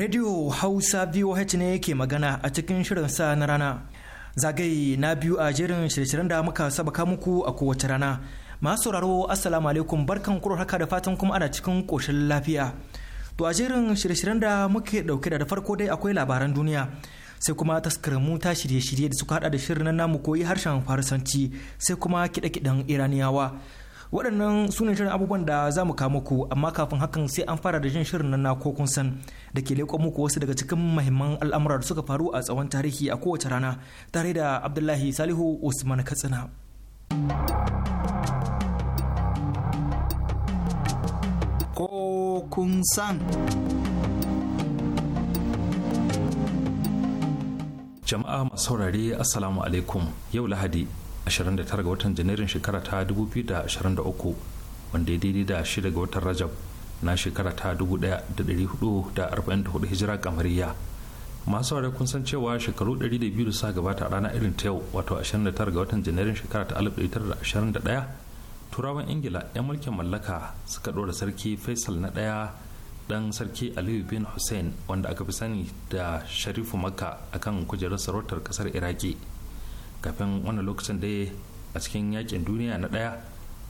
Radio Hausa VOH ne yake magana a cikin shirin sa na rana. Zagaye na biyu a jerin shirye-shiryen da muka sabaka muku a kowace rana. Masu sauraro Assalamu alaikum barkan kuro haka da fatan kuma ana cikin koshin lafiya. To a jerin shirye-shiryen da muke dauke da farko dai akwai labaran duniya. sai kuma mu ta shirye-shirye da suka hada da shirin namu koyi harshen farisanci sai kuma kiɗe-kiɗen iraniyawa waɗannan su ne shirin abubuwan da za mu kama ku amma kafin hakan sai an fara da jin shirin nan na ko kun san da ke leƙon muku wasu daga cikin mahimman al'amura da suka faru a tsawon tarihi a kowace rana tare da abdullahi salihu usman katsina ko san jama'a masu saurare assalamu alaikum yau lahadi 29 ga watan janairun shekara ta 2023 wanda ya daidai da 6 ga watan rajab na shekara ta 1444 hijira kamariya masu ware kun san cewa shekaru 200 sa gabata rana irin ta yau wato 29 ga watan janairun shekara ta 1921 turawan ingila 'yan mulkin mallaka suka ɗora sarki faisal na ɗaya dan sarki aliyu bin hussein wanda aka fi sani da sharifu makka akan kujerar sarautar kasar iraki kafin wannan lokacin dai a cikin yakin duniya na ɗaya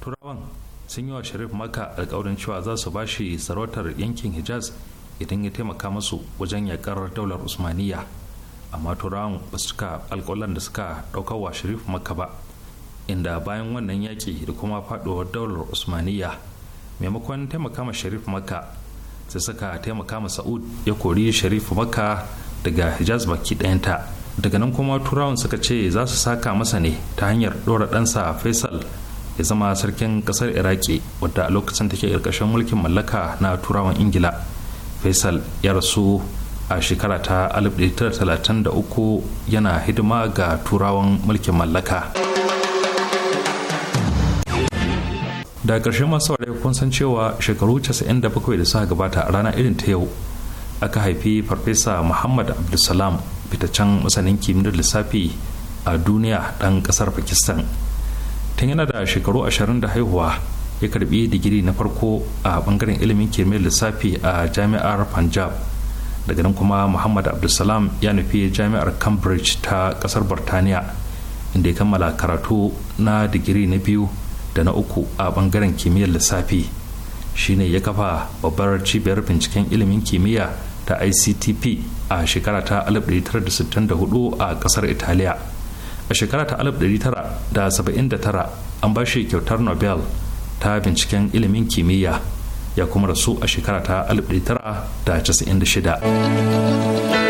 turawan sun yi wa sharif maka alkawarin cewa za su ba shi sarautar yankin hijaz idan ya taimaka masu wajen yakar daular usmaniya amma turawan ba su cika alkawalan da suka ɗauka wa sharif maka ba inda bayan wannan yaƙi da kuma faɗuwar daular usmaniya maimakon taimaka ma sharif maka sai suka taimaka ma sa'ud ya kori sharif maka daga hijaz baki ɗayanta daga nan kuma turawan suka ce za su saka masa ne ta hanyar ɗora ɗansa faisal ya zama sarkin ƙasar iraki wadda a lokacin take ƙarƙashin mulkin mallaka na turawan ingila faisal ya rasu a shekara ta 1933 yana hidima ga turawan mulkin mallaka da ƙarshen masu kun san cewa shekaru 97 da suka gabata a rana irin ta yau aka haifi farfesa muhammad abdulsalam fitaccen masanin kimiyyar lissafi a duniya ɗan ƙasar pakistan tun yana da shekaru ashirin da haihuwa ya karbi digiri na farko a bangaren ilimin kimiyyar lissafi a jami'ar punjab daga nan kuma muhammad abdulsalam ya nufi jami'ar cambridge ta ƙasar burtaniya inda ya kammala karatu na digiri na biyu da na uku a bangaren kimiyyar lissafi shine ya kafa babbar cibiyar binciken ilimin kimiyya ta ictp a shekara ta 1964 a kasar italiya a shekara ta 1979 an ba shi kyautar nobel ta binciken ilimin kimiyya ya kuma rasu a shekara ta 1996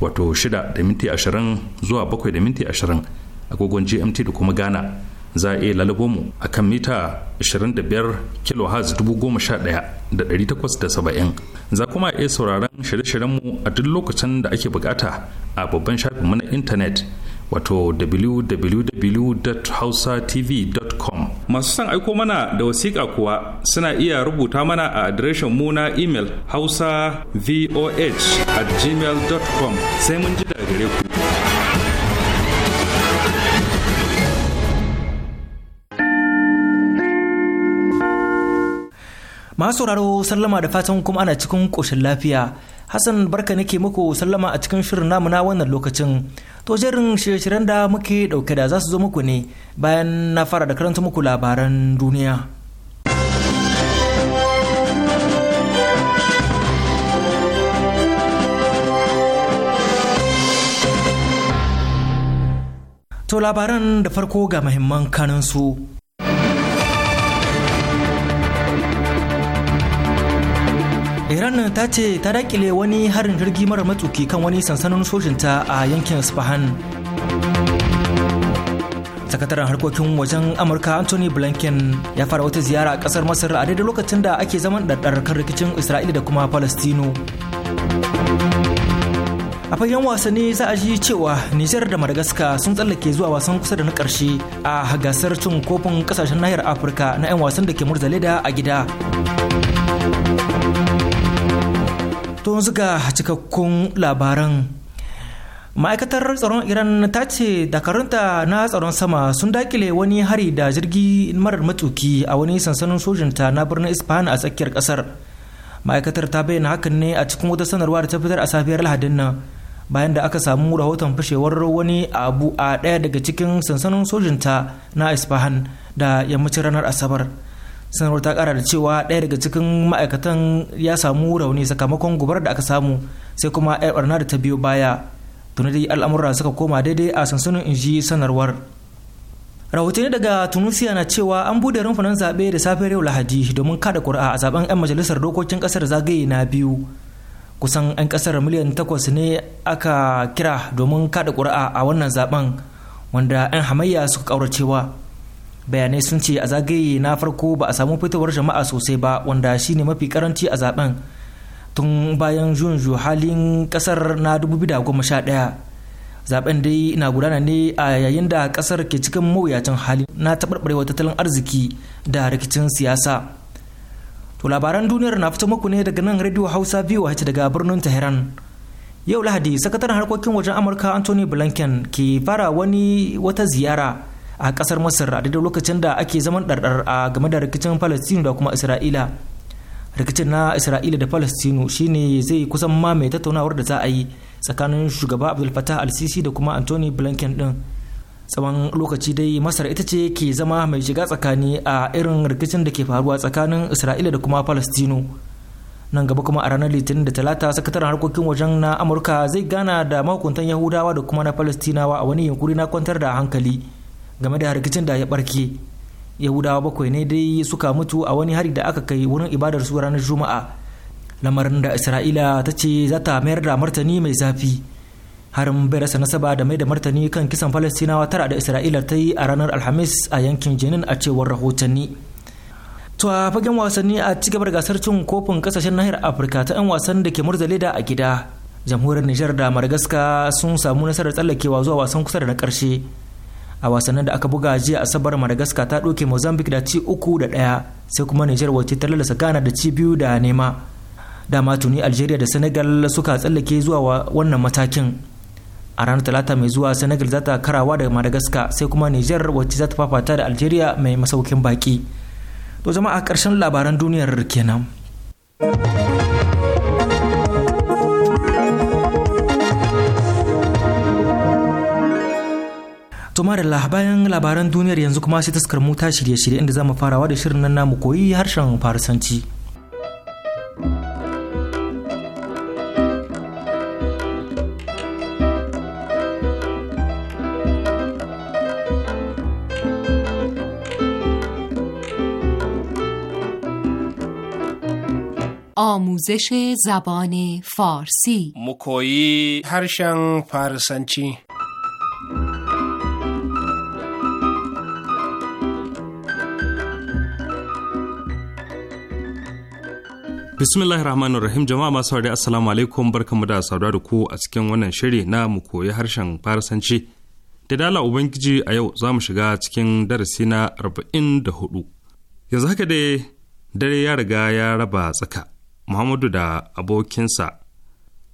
wato 6 da minti 20 zuwa 7 da minti 20 agogon gmt da kuma ghana za a iya lalabo mu a kan mita 25 kHz 11870 za kuma iya sauraron shirye shiryen mu a duk lokacin da ake bukata a babban shafin na intanet wato www.hausatv.com masu son aiko mana da wasiƙa kuwa suna iya rubuta mana a adireshin mu na imel hausa voh gmail.com sai mun ji daga gare ku. Masu sauraro sallama da fatan kuma ana cikin koshin lafiya. Hassan barka nake muku sallama a cikin shirin namu na wannan lokacin. To jerin shirye-shiryen da muke ɗauke da za su zo muku ne bayan na fara da karanta muku labaran duniya. To labaran da farko ga mahimman su. Iran ta ce ta dakile wani harin jirgi mara matsuki kan wani sansanin sojinta a yankin Spahan. Sakataren harkokin wajen Amurka Anthony Blinken ya fara wata ziyara a kasar Masar a daidai lokacin da ake zaman ɗarɗar kan rikicin Isra'ila da kuma Falastino. a fagen wasanni za a ji cewa nijar da madagascar sun tsallake zuwa wasan kusa da na karshe a gasar cin kofin kasashen nahiyar afirka na 'yan wasan da ke murzale da a gida to yanzu ga cikakkun labaran ma'aikatar tsaron iran ta ce dakarunta na tsaron sama sun dakile wani hari da jirgi marar matuki a wani sansanin sojinta na birnin isfahan a tsakiyar kasar ma'aikatar ta bayyana hakan ne a cikin wata sanarwa da ta fitar a safiyar lahadin nan bayan da aka samu rahoton fashewar wani abu a ɗaya daga cikin sansanin sojinta na isfahan da yammacin ranar asabar sanarwar ta kara da cewa ɗaya daga cikin ma'aikatan ya samu rauni sakamakon gubar da aka samu sai kuma yar barna da ta biyo baya tuni dai al'amura suka koma daidai a sansanin inji sanarwar rahotanni daga tunisia na cewa an bude rumfunan zaɓe da safiyar yau lahadi domin kada ƙuri'a a zaben 'yan majalisar dokokin ƙasar zagaye na biyu kusan 'yan kasar miliyan takwas ne aka kira domin kada ƙuri'a a wannan zaben wanda 'yan hamayya suka kauracewa bayanai sun ce a zagaye na farko ba a samu fitowar jama'a sosai ba wanda shi ne mafi karanci a zaben tun bayan juyin halin kasar na 2011 zaben dai na gudana ne a yayin da kasar ke cikin mawuyacin hali na taɓarɓarewa tattalin arziki da rikicin siyasa To labaran duniyar na fito muku ne daga nan Radio Hausa VOH daga birnin Tehran. Yau Lahadi, sakataren harkokin wajen Amurka Anthony Blinken ke fara wani wata ziyara a kasar Masar a daidai lokacin da ake zaman ɗarɗar a game da rikicin Palestine da kuma Isra'ila. Rikicin na Isra'ila da Palestine shine zai kusan mamaye tattaunawar da za a yi tsakanin shugaba Abdul Fattah al-Sisi da kuma Anthony Blinken din. tsawon lokaci dai masar ita ce ke zama mai shiga tsakani a irin rikicin da ke faruwa tsakanin isra'ila da kuma palestino nan gaba kuma a ranar litinin da talata sakataren harkokin wajen na amurka zai gana da mahukuntan yahudawa da kuma na palestinawa a wani yunkuri na kwantar da hankali game da rikicin da ya barke yahudawa bakwai ne dai suka mutu a wani hari da aka kai wurin ibadar su ranar juma'a lamarin da isra'ila ta ce za ta mayar da martani mai zafi harin bai nasaba da mai da martani kan kisan falastinawa tara da isra'ila ta yi a ranar alhamis a yankin jenin a cewar rahotanni to a fagen wasanni a cigabar gasar cin kofin kasashen nahiyar afirka ta 'yan wasan da ke murzale da a gida jamhuriyar nijar da margaska sun samu nasarar tsallakewa zuwa wasan kusa da na karshe a wasannin da aka buga jiya asabar madagascar ta ɗauke mozambique da ci uku da daya sai kuma nijar wace ta lalasa ghana da ci biyu da nema dama tuni algeria da senegal suka tsallake zuwa wannan matakin a ranar talata mai zuwa senegal za ta karawa daga madagascar sai kuma niger wacce za ta fafata da algeria mai masaukin baki to a karshen labaran duniyar kenan to da bayan labaran duniyar yanzu kuma sai taskar mu ta shirye-shirye inda za mu farawa da shirin nan namu koyi harshen farisanci آموزش زبان فارسی مکویی هرشن فارسنچی Bismillahir Rahmanir Rahim jama'a masu haɗe assalamu alaikum barkamu da saduwa da a cikin wannan shiri na mu koyi harshen Farisanci. Da dala Ubangiji a yau za mu shiga cikin darasi na arba'in da hudu. Yanzu haka dai dare ya riga ya raba tsaka muhammadu da abokinsa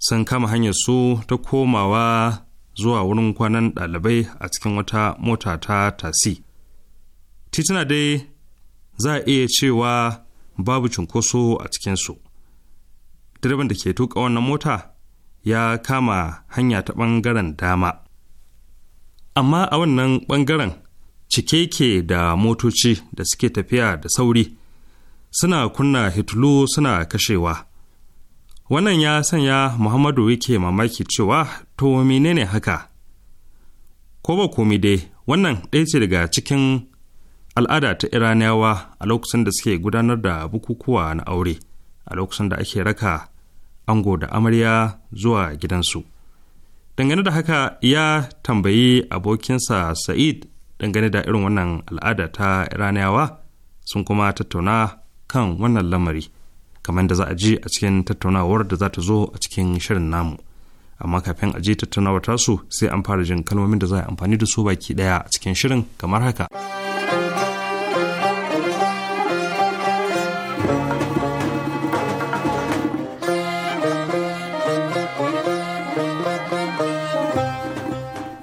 sun kama hanyar su ta komawa zuwa wurin kwanan ɗalibai a cikin wata mota ta tasi tituna dai za a iya cewa babu cunkoso a cikinsu direban da ke tuka wannan mota ya kama hanya ta ɓangaren dama amma a wannan ɓangaren cike ke da motoci da suke tafiya da sauri suna kunna hitulu suna kashewa wannan ya sanya muhammadu yake mamaki cewa to menene haka ko ba komi dai wannan ɗaya ce daga cikin al'ada ta iraniyawa a lokacin da suke gudanar da bukukuwa na aure a lokacin da ake raka ango da amarya zuwa gidansu dangane da haka ya tambayi abokinsa sa'id dangane da irin wannan al'ada ta iraniyawa sun kuma tattauna kan wannan lamari kamar da za a ji a cikin tattaunawar da za ta zo a cikin shirin namu amma kafin a je tattaunawar tasu sai an fara jin kalmomin da za a amfani da su baki daya a cikin shirin kamar haka.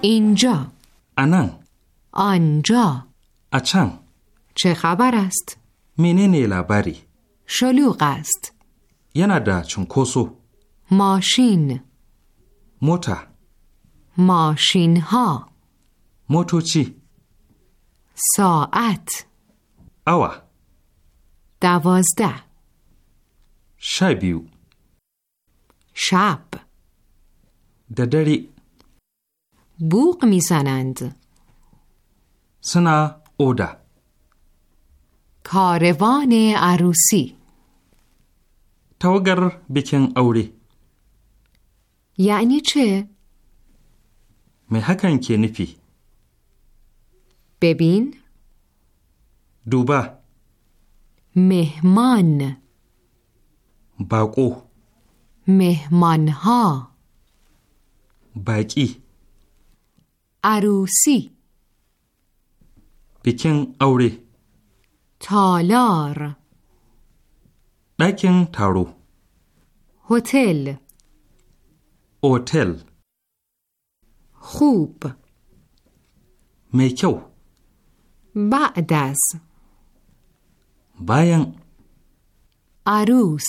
اینجا آنان آنجا اچان چه خبر است؟ menene labari شلوغ است نده چون cunkoso ماشین موتا ماشین ها موتوچی ساعت اوا دوازده شبیو شب ددری بوق میزنند سنا اوده کاروان عروسی توگر بیکن اوری یعنی چه؟ می هکن که نفی ببین دوبه مهمان باقو مهمانها باقی عروسی بیکن اوری تالار دکن تارو هتل هتل خوب میکو بعد از باین عروس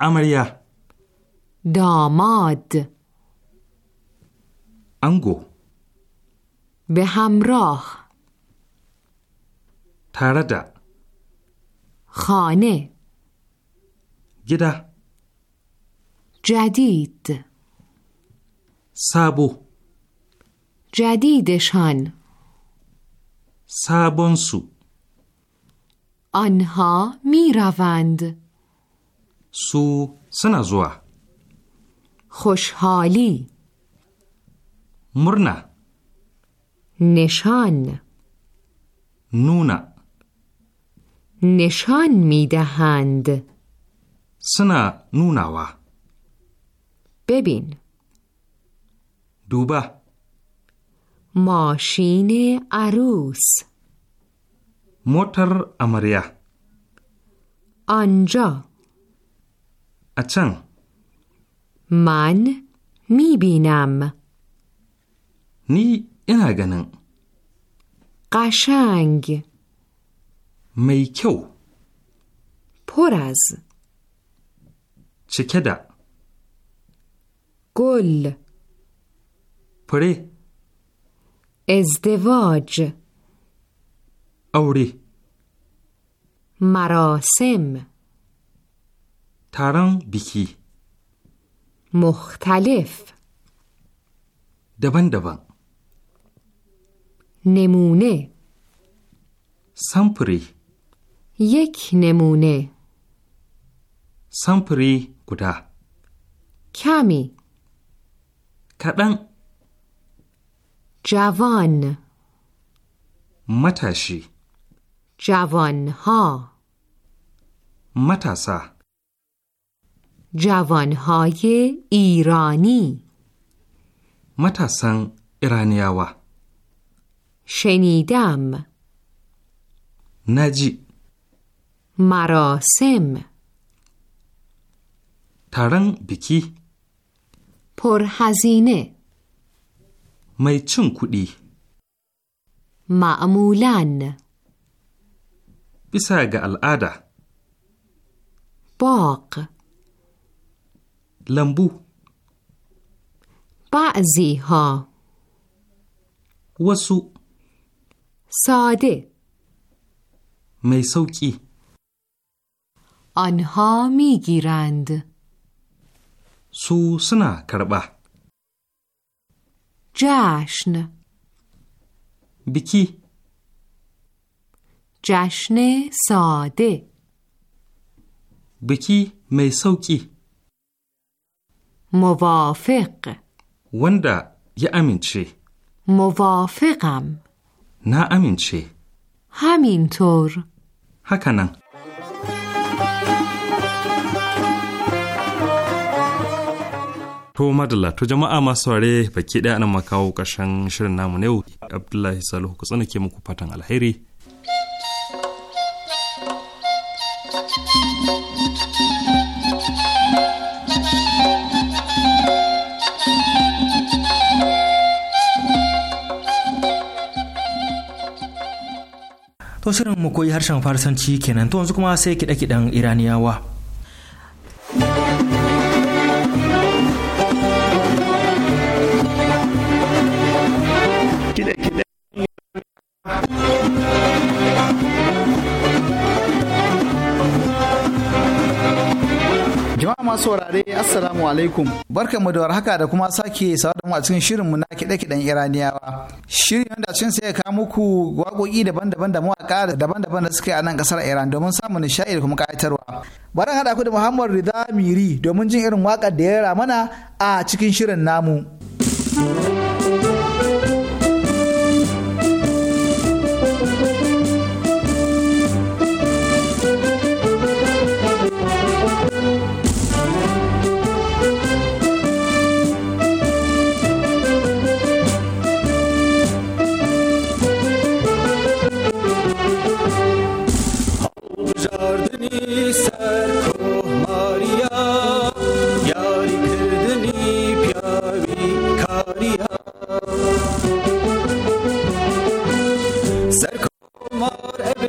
امریا داماد انگو به همراه tare خانه گده جدید سابو جدیدشان سابونسو آنها می روند سو سنازوا خوشحالی مرنه نشان نونه نشان می دهند سنا نوناوا ببین دوبه ماشین عروس موتر امریا آنجا اچن من می بینم نی اینا قشنگ می پر از چکه گل پره ازدواج اوری مراسم تران بیکی مختلف دبن دبن نمونه سمپری یک نمونه سامپری گودا کمی کدن جوان متشی جوانها متاسا جوانهای ایرانی متاسن ایرانیاوا شنیدم نجی مراسم ترن بکی پرهزینه mai cin kuɗi. Ma'amulan. Bisa ga al'ada. Bok. Lambu. Ba'zi ha. Wasu. Sade. Mai sauƙi. آنها میگیرند سو سنا کربا جشن بکی جشن ساده بکی می سوکی موافق وندا یا چی؟ موافقم نه همین همینطور هکنن To madalla to jama'a masu ware baki ɗaya nan makawo ƙarshen shirin namu na yau Abdullahi Salihu ku ke muku fatan alheri. To shirin mu koyi harshen Farsanci kenan to yanzu kuma sai kiɗe kiɗan Iraniyawa. saurare assalamu alaikum barkan mu da warhaka da kuma sake sawa da mu a cikin shirin mu na kiɗe-kiɗen iraniyawa shirin wanda cikin sai ya kawo muku waƙoƙi daban-daban da mawaƙa daban-daban da suke a nan ƙasar iran domin samun nishaɗi da kuma ƙayatarwa bari haɗa ku da muhammad rida miri domin jin irin waƙar da ya mana a cikin shirin namu. dariya sarkomar ebe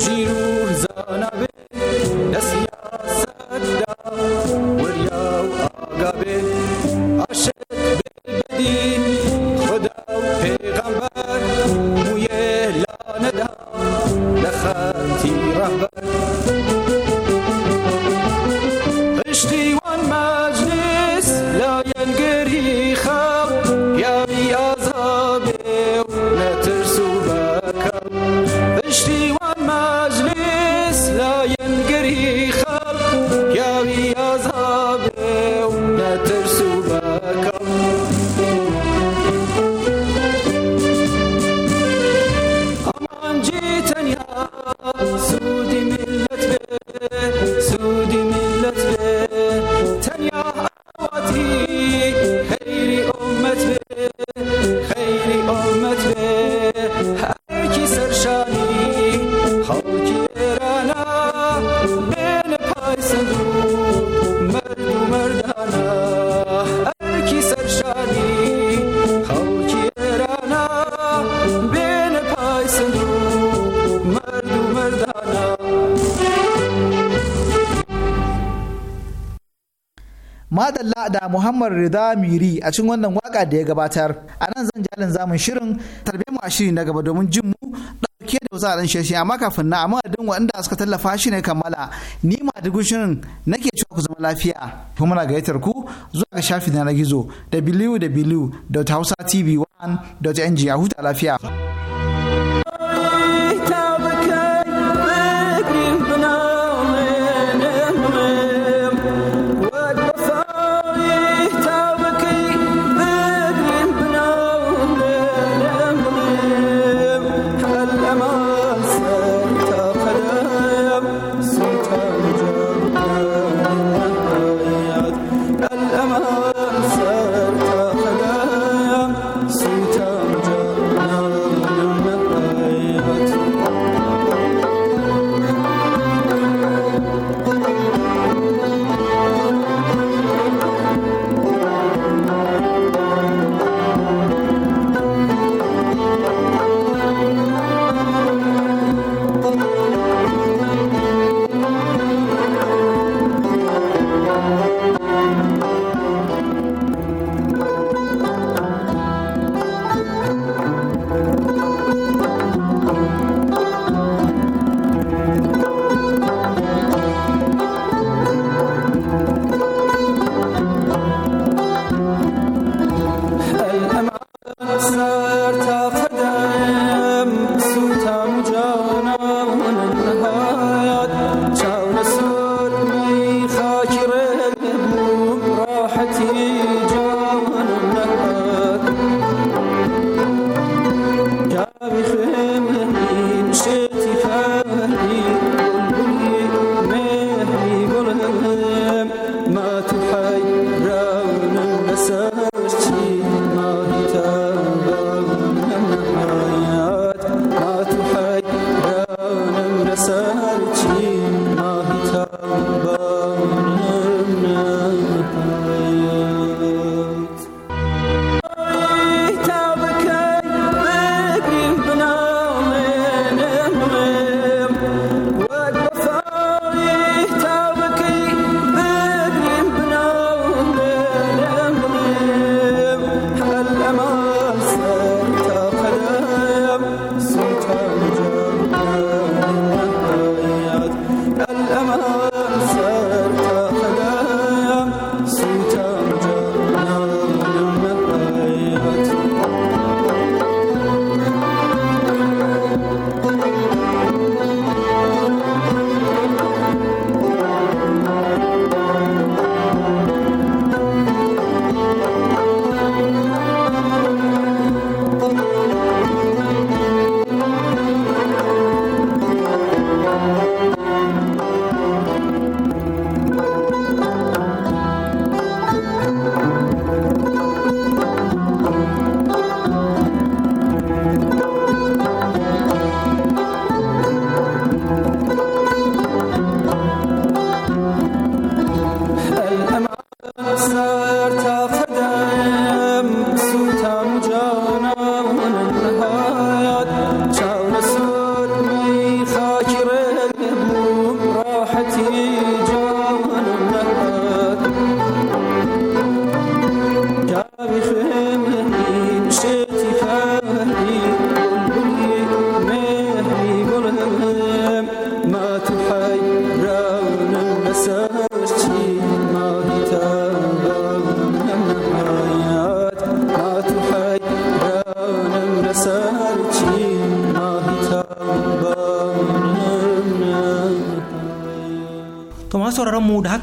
jiruza Dalla da Muhammad Rida Miri a cikin wannan waka da ya gabatar. A nan zan jalin zamun shirin tarbe mu a shiri na gaba domin jin mu ɗauke da wasu adan shirshi amma kafin na amma adin waɗanda suka tallafa shi ne kammala ni ma dugu shirin nake cewa ku zama lafiya kuma muna gayyatar ku zuwa ga shafi na gizo www.hausatv1.ng a huta lafiya.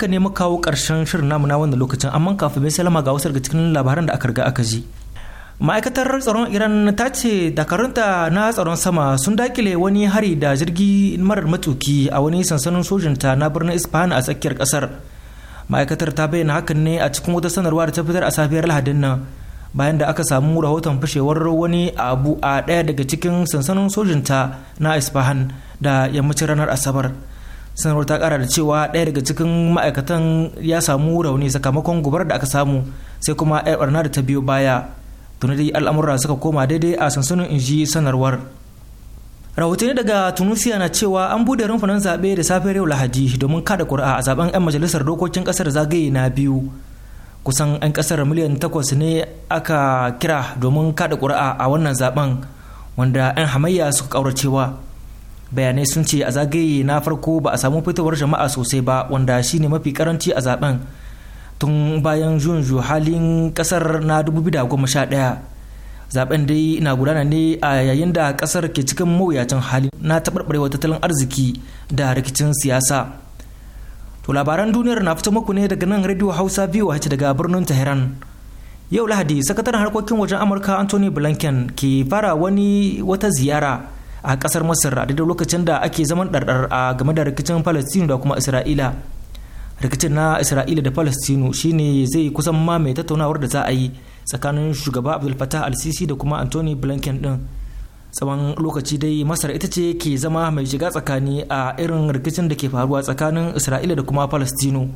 haka ne muka kawo ƙarshen shirin namu na wannan lokacin amma kafin mai salama ga wasu daga cikin labaran da aka riga aka ji. ma'aikatar tsaron iran ta ce dakarunta na tsaron sama sun dakile wani hari da jirgi marar matuki a wani sansanin sojinta na birnin isfahan a tsakiyar kasar ma'aikatar ta bayyana hakan ne a cikin wata sanarwa da ta fitar a safiyar lahadin nan bayan da aka samu rahoton fashewar wani abu a ɗaya daga cikin sansanin sojinta na isfahan da yammacin ranar asabar sanarwar ta kara da cewa ɗaya daga cikin ma'aikatan ya samu rauni sakamakon gubar da aka samu sai kuma yar barna da ta biyo baya tuni dai al'amura suka koma daidai a sansanin inji sanarwar rahotanni daga tunisia na cewa an bude rumfunan zaɓe da safiyar yau lahadi domin kada ƙuri'a a zaben 'yan majalisar dokokin ƙasar zagaye na biyu kusan 'yan ƙasar miliyan takwas ne aka kira domin kada ƙuri'a a wannan zaben wanda 'yan hamayya suka ƙauracewa bayanai sun ce a zagaye na farko ba a samu fitowar jama'a sosai ba wanda shi ne mafi karanci a zaben tun bayan juyin halin kasar na 2011 zaben dai na gudana ne a yayin da kasar ke cikin mawuyacin hali na taɓarɓarewa tattalin arziki da rikicin siyasa to labaran duniyar na fito muku ne daga nan radio hausa biyu daga birnin tehran yau lahadi sakataren harkokin wajen amurka anthony blinken ke fara wani wata ziyara a kasar masar a daidai lokacin da ake zaman ɗarɗar a game da rikicin palestinu da kuma isra'ila rikicin na isra'ila da palestinu shine zai kusan ma mai tattaunawar da za a yi tsakanin shugaba abdul fatah al-sisi da kuma anthony blinken din tsawon lokaci dai masar ita ce ke zama mai shiga tsakani a irin rikicin da ke faruwa tsakanin isra'ila da kuma palestinu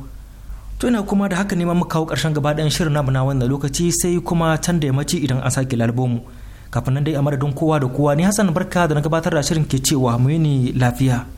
to ina kuma da haka neman muka kawo karshen gaba shirin namu na wannan lokaci sai kuma can da yammaci idan an sake lalbomu kafin nan dai a madadin kowa da kowa ni hassan barka da na gabatar da shirin ke cewa mu yi ni lafiya